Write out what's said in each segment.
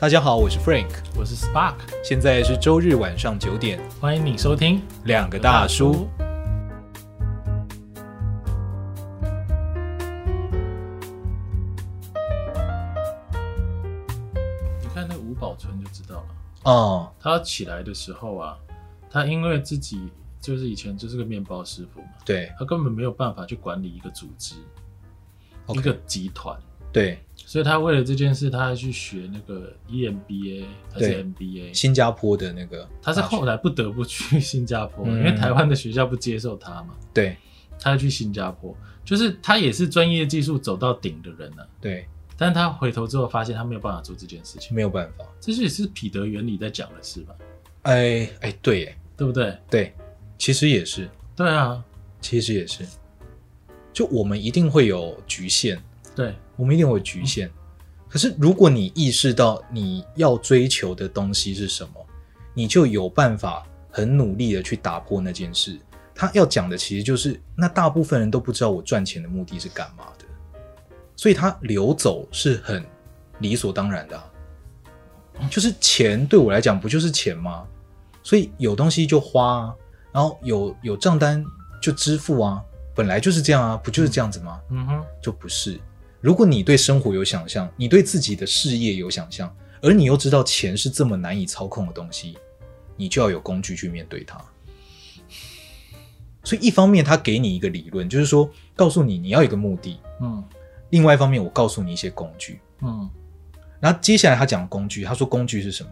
大家好，我是 Frank，我是 Spark，現在是周日晚上九點，歡迎你收聽兩個，兩個大叔。你看那個吳寶春就知道了哦，他起來的時候啊，他因為自己就是以前就是個麵包師傅嘛，對，他根本沒有辦法去管理一個組織，okay. 一個集團。對，所以他為了這件事，他還去學那個 EMBA，還是 MBA，新加坡的那個，他是後來不得不去新加坡，嗯、因為台灣的學校不接受他嘛。對，他要去新加坡，就是他也是專業技術走到頂的人了、啊。對，但他回頭之後發現他沒有辦法做這件事情，沒有辦法，這是，是彼得原理在講的事吧？哎哎，對耶，對不對？對，其實也是，對啊，其實也是，就我們一定會有局限。對，我們一定會有局限，可是如果你意識到你要追求的東西是什麼，你就有辦法很努力的去打破那件事。他要講的其實就是，那大部分人都不知道我賺錢的目的是幹嘛的，所以他流走是很理所當然的啊。就是錢對我來講不就是錢嗎？所以有東西就花啊，然後有有賬單就支付啊，本來就是這樣啊，不就是這樣子嗎？嗯，嗯哼，就不是。如果你對生活有想象，你對自己的事業有想象，而你又知道錢是這麼難以操控的東西，你就要有工具去面對它。所以一方面他給你一個理論，就是說告訴你，你要有個目的，嗯。另外一方面我告訴你一些工具，嗯。然後接下來他講工具，他說工具是什麼？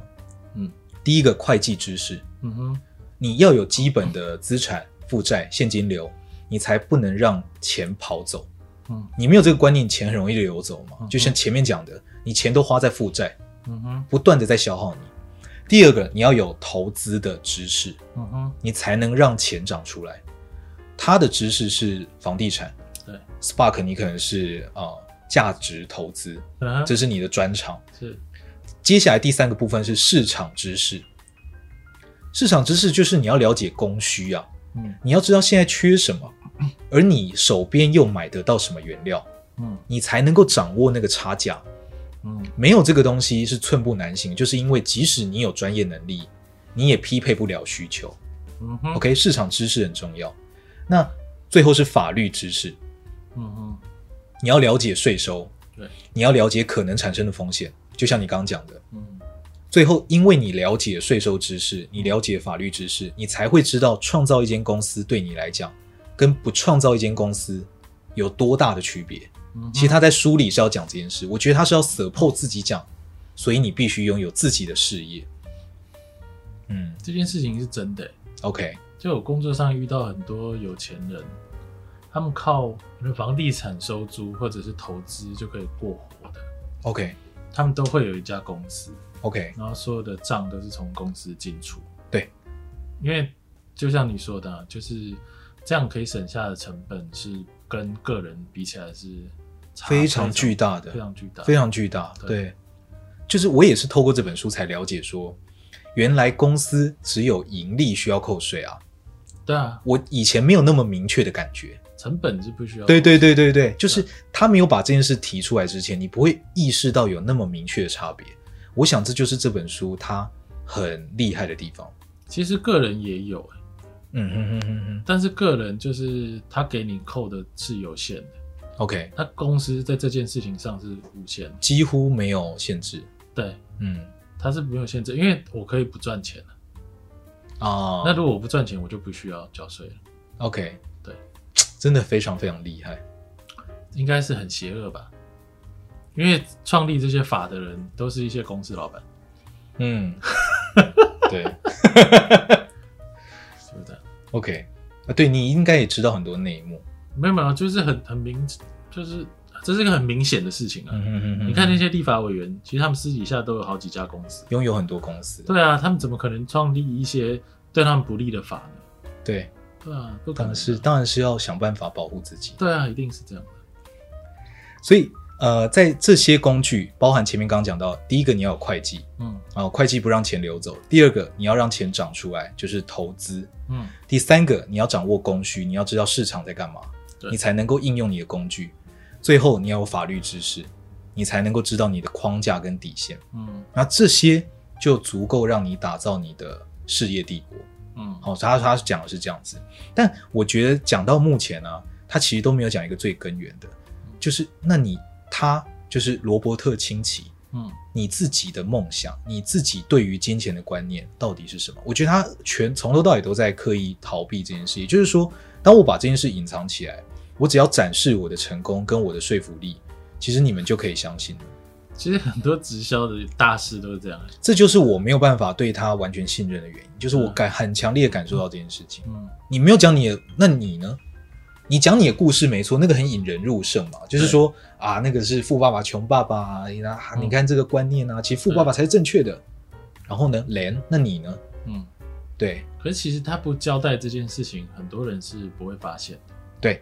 嗯，第一個會計知識，嗯哼，你要有基本的資產負債現金流，你才不能讓錢跑走。嗯，你沒有這個觀念，錢很容易就流走嘛。就像前面講的，你錢都花在負債，嗯哼，不斷的在消耗你。第二個，你要有投資的知識，嗯哼，你才能讓錢長出來。它的知識是房地產，對，Spark 你可能是啊價值投資，嗯，這是你的專長。是，接下來第三個部分是市場知識。市場知識就是你要了解供需啊，嗯，你要知道現在缺什麼。而你手邊又買得到什麼原料？嗯，你才能夠掌握那個差價。嗯，沒有這個東西是寸步難行，就是因為即使你有專業能力，你也匹配不了需求。嗯哼。OK，市場知識很重要。那最後是法律知識。嗯哼。你要了解稅收。對。你要了解可能產生的風險，就像你剛剛講的。嗯。最後，因為你了解稅收知識，你了解法律知識，你才會知道創造一間公司對你來講。跟不創造一間公司有多大的區別，嗯。其實他在書裡是要講這件事，我覺得他是要 support 自己講，所以你必須擁有自己的事業。嗯，這件事情是真的欸。OK，就我工作上遇到很多有錢人，他們靠房地產收租或者是投資就可以過活的。OK，他們都會有一家公司。OK，然後所有的賬都是從公司進出。對，因為就像你說的，啊，就是。這樣可以省下的成本是跟個人比起來是非常，非，常非常巨大的，非常巨大，非常巨大。對，就是我也是透過這本書才了解說，說原來公司只有盈利需要扣稅啊。對啊，我以前沒有那麼明確的感覺，成本是不需要。對對對對對，就是他沒有把這件事提出來之前，你不會意識到有那麼明確的差別。我想這就是這本書它很厲害的地方。其實個人也有。嗯哼哼哼，哼，但是個人就是他給你扣的是有限的。OK，那公司在這件事情上是無限的，幾乎沒有限制。對，嗯，他是沒有限制，因為我可以不賺錢了、啊 uh, 那如果我不賺錢，我就不需要交稅了。OK，對，真的非常非常厲害，應該是很邪惡吧？因為創立這些法的人都是一些公司老闆。嗯， 對。 OK，啊，對，你應該也知道很多內幕。沒有沒有，就是很很明，就是這是一個很明顯的事情啊。嗯哼嗯哼嗯哼。你看那些立法委員，其實他們私底下都有好幾家公司，擁有很多公司。對啊，他們怎麼可能創立一些對他們不利的法呢？對，對啊，不可能啊，當然是，當然是要想辦法保護自己。對啊，一定是這樣的。所以。呃，在這些工具，包含前面剛剛講到，第一個你要有會計，嗯，啊，會計不讓錢流走；第二個你要讓錢長出來，就是投資，嗯；第三個你要掌握供需，你要知道市場在幹嘛，你才能夠應用你的工具；最後你要有法律知識，你才能夠知道你的框架跟底線，嗯。那這些就足夠讓你打造你的事業帝國，嗯。好、哦，他他講的是這樣子，但我覺得講到目前呢、啊，他其實都沒有講一個最根源的，就是那你。他就是羅伯特清崎。嗯，你自己的夢想，你自己對於金錢的觀念到底是什麼？我覺得他全從頭到尾都在刻意逃避這件事。也就是說，當我把這件事隱藏起來，我只要展示我的成功跟我的說服力，其實你們就可以相信了。其實很多直銷的大師都是這樣。這就是我沒有辦法對他完全信任的原因，就是我感很強烈的感受到這件事情。嗯，你沒有講你的，那你呢？你講你的故事沒錯，那個很引人入勝嘛，就是說啊，那個是富爸爸窮爸爸，啊，你看這個觀念啊，嗯，其實富爸爸才是正確的。然後呢，連那你呢？嗯，對。可是其實他不交代這件事情，很多人是不會發現的。對，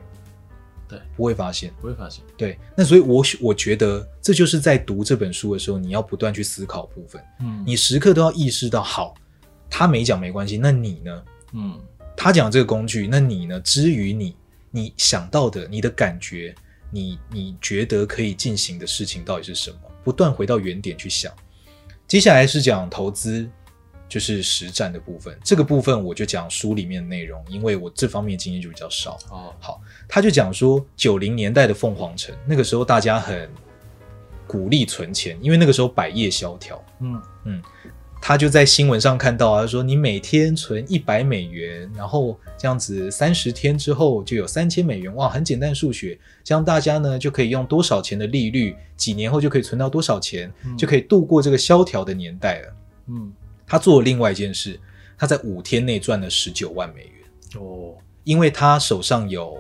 對，不會發現，不會發現。對，那所以我，我我覺得這就是在讀這本書的時候，你要不斷去思考部分。嗯，你時刻都要意識到，好，他沒講沒關係，那你呢？嗯，他講這個工具，那你呢？至於你。你想到的，你的感覺，你你覺得可以進行的事情到底是什麼？不斷回到原點去想。接下來是講投資，就是實戰的部分。這個部分我就講書裡面的內容，因為我這方面經驗就比較少。哦，好，他就講說九零年代的鳳凰城，那個時候大家很鼓勵存錢，因為那個時候百業蕭條。嗯嗯。他就在新聞上看到啊，他說你每天存一百美元，然後這樣子三十天之後就有三千美元。哇，很簡單數學，這樣大家呢就可以用多少錢的利率，幾年後就可以存到多少錢，嗯，就可以度過這個蕭條的年代了。嗯，他做了另外一件事，他在五天內賺了十九萬美元哦，因為他手上有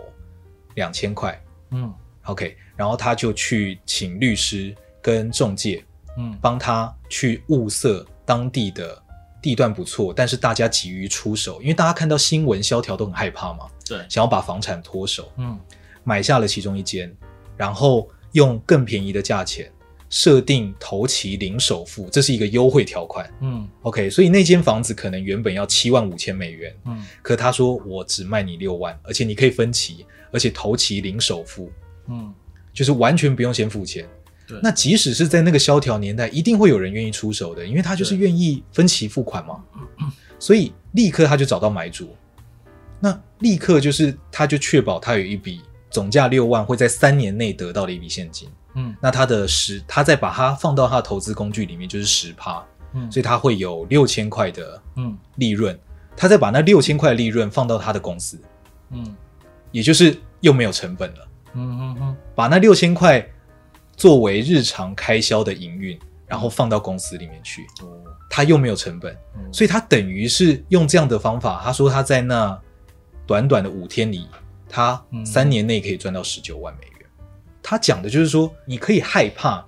兩千塊，嗯，OK，然後他就去請律師跟中介，嗯，幫他去物色。當地的地段不錯，但是大家急於出手，因為大家看到新聞蕭條都很害怕嘛。對，想要把房產脫手。嗯，買下了其中一間，然後用更便宜的價錢設定頭期零首付，這是一個優惠條款。嗯，OK，所以那間房子可能原本要七萬五千美元。嗯，可他說我只賣你六萬，而且你可以分期，而且頭期零首付。嗯，就是完全不用先付錢。那即使是在那個蕭條年代，一定會有人願意出手的，因為他就是願意分期付款嘛。嗯，所以立刻他就找到買主，那立刻就是他就確保他有一筆總價六萬會在三年內得到的一筆現金。嗯，那他的十，他再把它放到他的投資工具裡面就是十趴。嗯，所以他會有六千塊的嗯利潤，他再把那六千塊的利潤放到他的公司。嗯，也就是又沒有成本了。嗯哼哼，把那六千塊。作為日常開銷的營運，然後放到公司裡面去，他又沒有成本，嗯，所以他等於是用這樣的方法。他說他在那短短的五天裡，他三年內可以賺到十九萬美元。嗯，他講的就是說，你可以害怕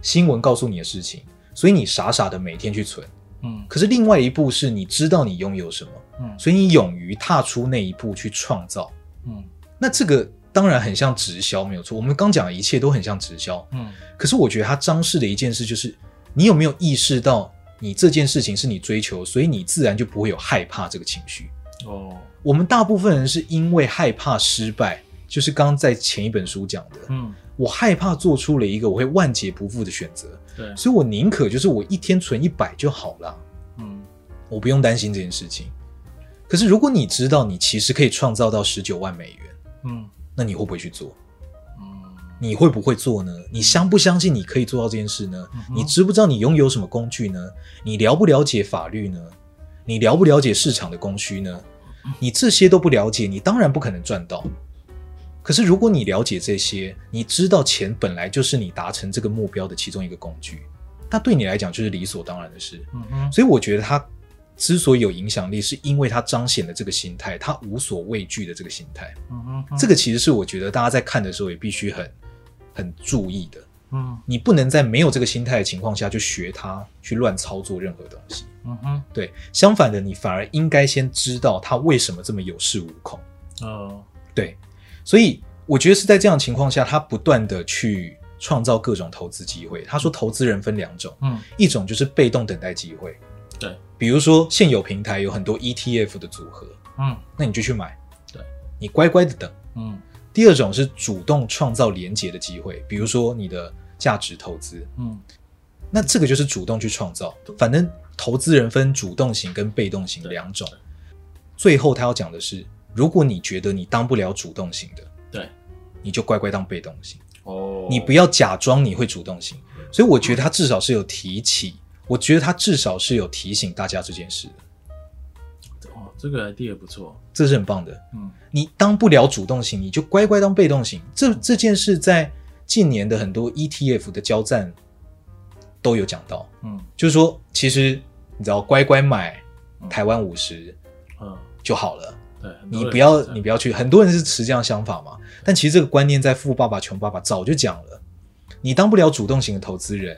新聞告訴你的事情，所以你傻傻的每天去存。嗯，可是另外一步是你知道你擁有什麼，嗯，所以你勇於踏出那一步去創造。嗯，那這個。當然很像直銷，沒有錯。我們剛講的一切都很像直銷。嗯，可是我覺得他彰示的一件事就是，你有沒有意識到你這件事情是你追求，所以你自然就不會有害怕這個情緒。哦，我們大部分人是因為害怕失敗，就是剛在前一本書講的。嗯，我害怕做出了一個我會萬劫不復的選擇。對，所以我寧可就是我一天存一百就好了。嗯，我不用擔心這件事情。可是如果你知道你其實可以創造到十九萬美元，嗯。那你會不會去做？嗯，你會不會做呢？你相不相信你可以做到這件事呢？你知不知道你擁有什麼工具呢？你了不了解法律呢？你了不了解市場的供需呢？你這些都不了解，你當然不可能賺到。可是如果你了解這些，你知道錢本來就是你達成這個目標的其中一個工具，那對你來講就是理所當然的事。嗯，所以我覺得他。之所以有影響力，是因為他彰顯了這個心態，他無所畏懼的這個心態。嗯，嗯，嗯，這個其實是我覺得大家在看的時候也必須很，很注意的。嗯，你不能在沒有這個心態的情況下就學他去亂操作任何東西。嗯哼、嗯，對，相反的，你反而應該先知道他為什麼這麼有恃無恐。哦，對，所以我覺得是在這樣的情況下，他不斷的去創造各種投資機會。他說，投資人分兩種，嗯，嗯，一種就是被動等待機會，對。比如說，現有平台有很多 ETF 的組合，嗯，那你就去買，對你乖乖的等，嗯。第二種是主動創造連結的機會，比如說你的價值投資，嗯，那這個就是主動去創造，嗯。反正投資人分主動型跟被動型兩種。最後他要講的是，如果你覺得你當不了主動型的，對，你就乖乖當被動型。哦，你不要假裝你會主動型。所以我覺得他至少是有提起。我覺得他至少是有提醒大家這件事的。哦，這個 idea 也不錯，這是很棒的。嗯，你當不了主動型，你就乖乖當被動型。這這件事在近年的很多 ETF 的交戰都有講到。嗯，就是說，其實你只要乖乖買台灣五十，嗯，就好了。對，你不要你不要去。很多人是持這樣想法嘛，但其實這個觀念在《富爸爸窮爸爸》早就講了。你當不了主動型的投資人。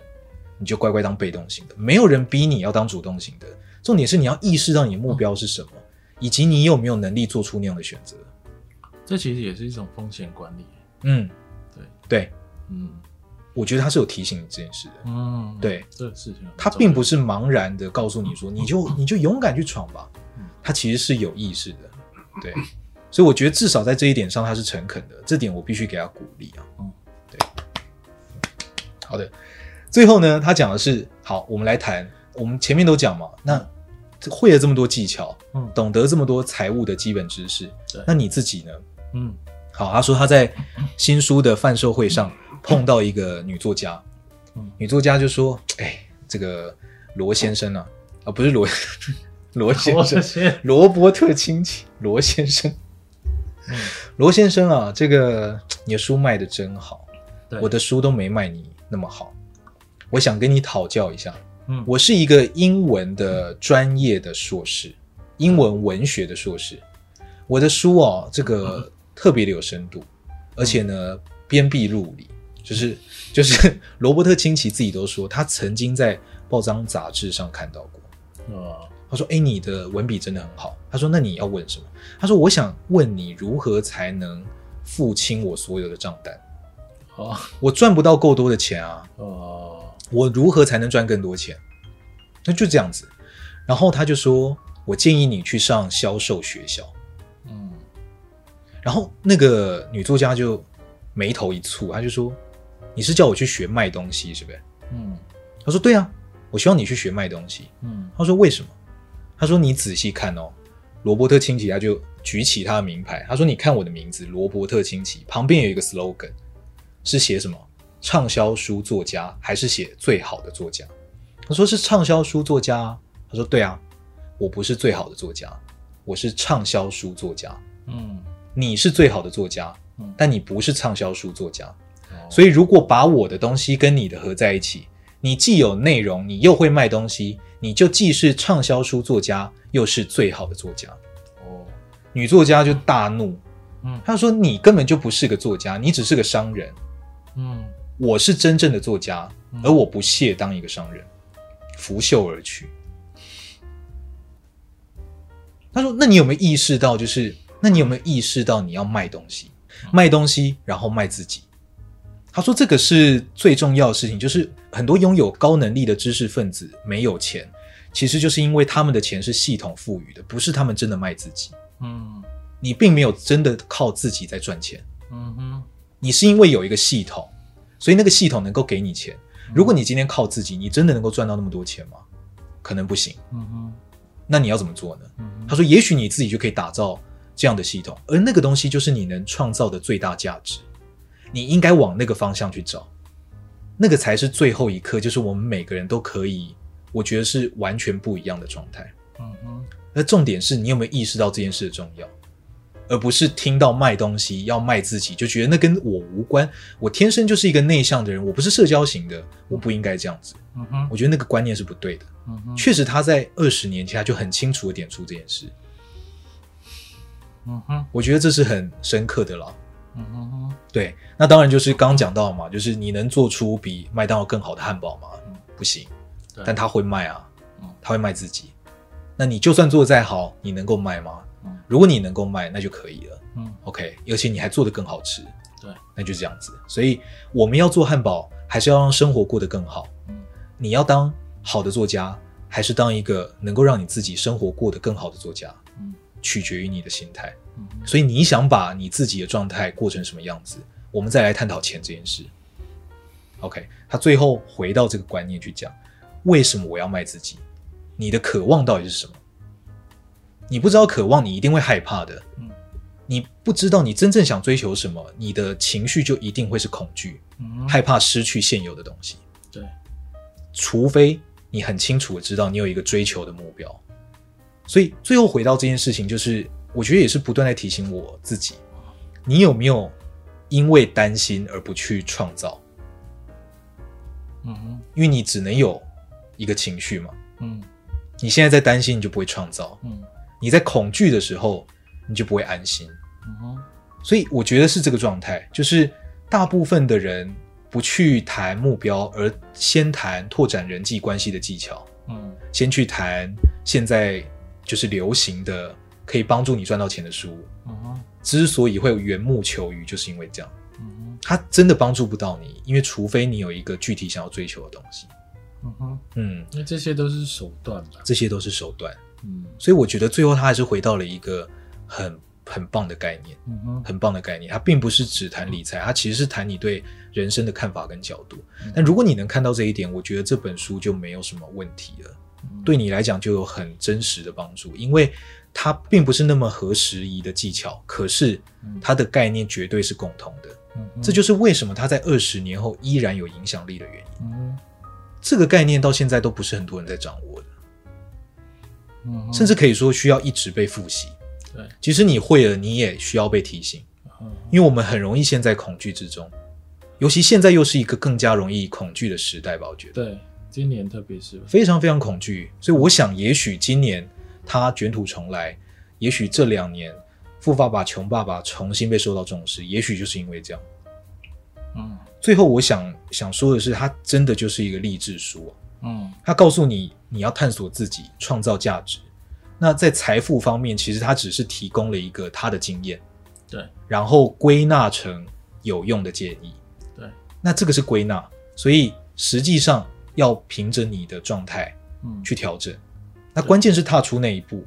你就乖乖當被動型的，沒有人逼你要當主動型的。重點是你要意識到你的目標是什麼，嗯、以及你有沒有能力做出那樣的選擇。這其實也是一種風險管理。嗯，對對，嗯，我覺得他是有提醒你這件事的。嗯，對，嗯、這個事情，他並不是茫然的告訴你說，嗯、你就、嗯、你就勇敢去闖吧。嗯、他其實是有意識的，對。所以我覺得至少在這一點上他是誠懇的，這點我必須給他鼓勵啊。嗯，對，嗯、好的。最後呢，他講的是：好，我們來談。我們前面都講嘛，那會了這麼多技巧，嗯、懂得這麼多財務的基本知識。那你自己呢？嗯，好。他說他在新書的販售會上碰到一個女作家，嗯、女作家就說：“哎、欸，這個羅先生啊，哦、啊不是羅羅 先生，羅伯特清崎羅先生，羅先生、嗯、羅先生啊，這個你的書賣的真好，對，我的書都沒賣你那麼好。”我想跟你討教一下，嗯，我是一個英文的專業的碩士，英文文學的碩士。我的書哦，這個特別的有深度，而且呢，鞭、嗯、辟入裡就是就是羅伯特清崎自己都說，他曾經在報章雜誌上看到過，嗯，他說，哎、欸，你的文筆真的很好。他說，那你要問什麼？他說，我想問你如何才能付清我所有的賬單？哦、嗯，我賺不到夠多的錢啊，哦、嗯。我如何才能賺更多錢？那就這樣子。然後他就說：“我建議你去上銷售學校。”嗯。然後那個女作家就眉頭一蹙，她就說：“你是叫我去學賣東西，是不是？”嗯。他說：“對啊，我希望你去學賣東西。”嗯。他說：“為什麼？”他說：“你仔細看哦，羅伯特清崎，他就舉起他的名牌，他說：‘你看我的名字羅伯特清崎，旁邊有一個 slogan，是寫什麼？’”暢銷書作家還是寫最好的作家？我說是暢銷書作家。他說：“對啊，我不是最好的作家，我是暢銷書作家。”嗯，你是最好的作家，但你不是暢銷書作家。哦、所以，如果把我的東西跟你的合在一起，你既有內容，你又會賣東西，你就既是暢銷書作家，又是最好的作家。哦，女作家就大怒，嗯，他說：“你根本就不是個作家，你只是個商人。”嗯。我是真正的作家，而我不屑當一個商人，拂袖而去。他說：“那你有沒有意識到？就是那你有沒有意識到你要賣東西，賣東西然後賣自己？”他說：“這個是最重要的事情，就是很多擁有高能力的知識分子沒有錢，其實就是因為他們的錢是系統賦予的，不是他們真的賣自己。嗯，你並沒有真的靠自己在賺錢。嗯哼，你是因為有一個系統。”所以那個系統能夠給你錢。如果你今天靠自己，你真的能夠賺到那麼多錢嗎？可能不行。嗯嗯。那你要怎麼做呢？他說，也許你自己就可以打造這樣的系統，而那個東西就是你能創造的最大價值。你應該往那個方向去找，那個才是最後一刻，就是我們每個人都可以，我覺得是完全不一樣的狀態。嗯嗯。那重點是你有沒有意識到這件事的重要？而不是聽到賣東西要賣自己就覺得那跟我無關。我天生就是一個內向的人，我不是社交型的，我不應該這樣子。嗯哼，我覺得那個觀念是不對的。嗯哼，確實他在二十年前他就很清楚地點出這件事。嗯哼，我覺得這是很深刻的了。嗯哼哼，對，那當然就是剛講到嘛，就是你能做出比麥當勞更好的漢堡嗎？嗯，不行。但他會賣啊，他會賣自己。那你就算做得再好，你能夠賣嗎？如果你能夠賣，那就可以了。嗯，OK，而且你還做得更好吃，對，那就這樣子。所以我們要做漢堡，還是要讓生活過得更好？嗯，你要當好的作家，還是當一個能夠讓你自己生活過得更好的作家？嗯，取決於你的心態。嗯，所以你想把你自己的狀態過成什麼樣子？我們再來探討錢這件事。OK，他最後回到這個觀念去講，為什麼我要賣自己？你的渴望到底是什麼？你不知道渴望，你一定會害怕的。你不知道你真正想追求什麼，你的情緒就一定會是恐懼，害怕失去現有的東西。對，除非你很清楚的知道你有一個追求的目標，所以最後回到這件事情，就是我覺得也是不斷在提醒我自己，你有沒有因為擔心而不去創造？嗯哼，因為你只能有一個情緒嘛。嗯，你現在在擔心，你就不會創造。嗯。你在恐懼的時候，你就不會安心。Uh-huh. 所以我覺得是這個狀態，就是大部分的人不去談目標，而先談拓展人際關係的技巧。嗯、uh-huh.，先去談現在就是流行的可以幫助你賺到錢的書。嗯、uh-huh.，之所以會有緣木求魚，就是因為這樣。嗯，他真的幫助不到你，因為除非你有一個具體想要追求的東西。嗯哼，嗯，那這些都是手段吧、啊？這些都是手段。嗯，所以我覺得最後他還是回到了一個很很棒的概念，很棒的概念。他並不是只談理財，他其實是談你對人生的看法跟角度。但如果你能看到這一點，我覺得這本書就沒有什麼問題了，對你來講就有很真實的幫助。因為它並不是那麼合時宜的技巧，可是它的概念絕對是共通的。這就是為什麼他在二十年後依然有影響力的原因。這個概念到現在都不是很多人在掌握。甚至可以說需要一直被複習。對，其實你會了，你也需要被提醒，因為我們很容易陷在恐懼之中，尤其現在又是一個更加容易恐懼的時代吧？我覺得。對，今年特別是非常非常恐懼，所以我想，也許今年他捲土重來，也許這兩年富爸爸窮爸爸重新被受到重視，也許就是因為這樣。嗯，最後我想想說的是，他真的就是一個勵志書。嗯，他告訴你。你要探索自己創造價值，那在財富方面，其實他只是提供了一個他的經驗，對，然後歸納成有用的建議，對，那這個是歸納，所以實際上要憑着你的狀態，嗯，去調整。那關鍵是踏出那一步。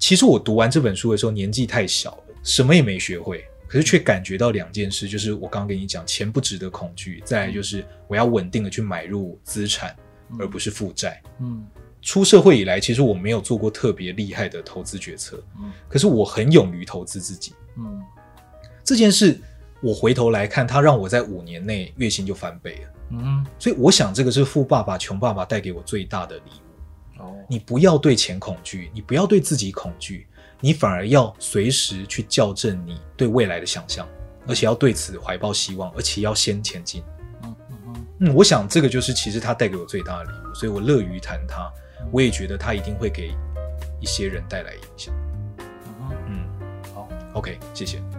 其實我讀完這本書的時候，年紀太小了，什麼也沒學會，可是卻感覺到兩件事，就是我剛剛跟你講，錢不值得恐懼，再來就是我要穩定的去買入資產。而不是負債。嗯，出社會以來，其實我沒有做過特別厲害的投資決策。嗯，可是我很勇於投資自己。嗯，這件事我回頭來看，它讓我在五年內月薪就翻倍了。嗯，所以我想，這個是富爸爸窮爸爸帶給我最大的禮物。哦，你不要對錢恐懼，你不要對自己恐懼，你反而要隨時去校正你對未來的想象，而且要對此懷抱希望，而且要先前進。嗯，我想這個就是其實他帶給我最大的禮物，所以我樂於談他，我也覺得他一定會給一些人帶來影響。嗯，好，OK，謝謝。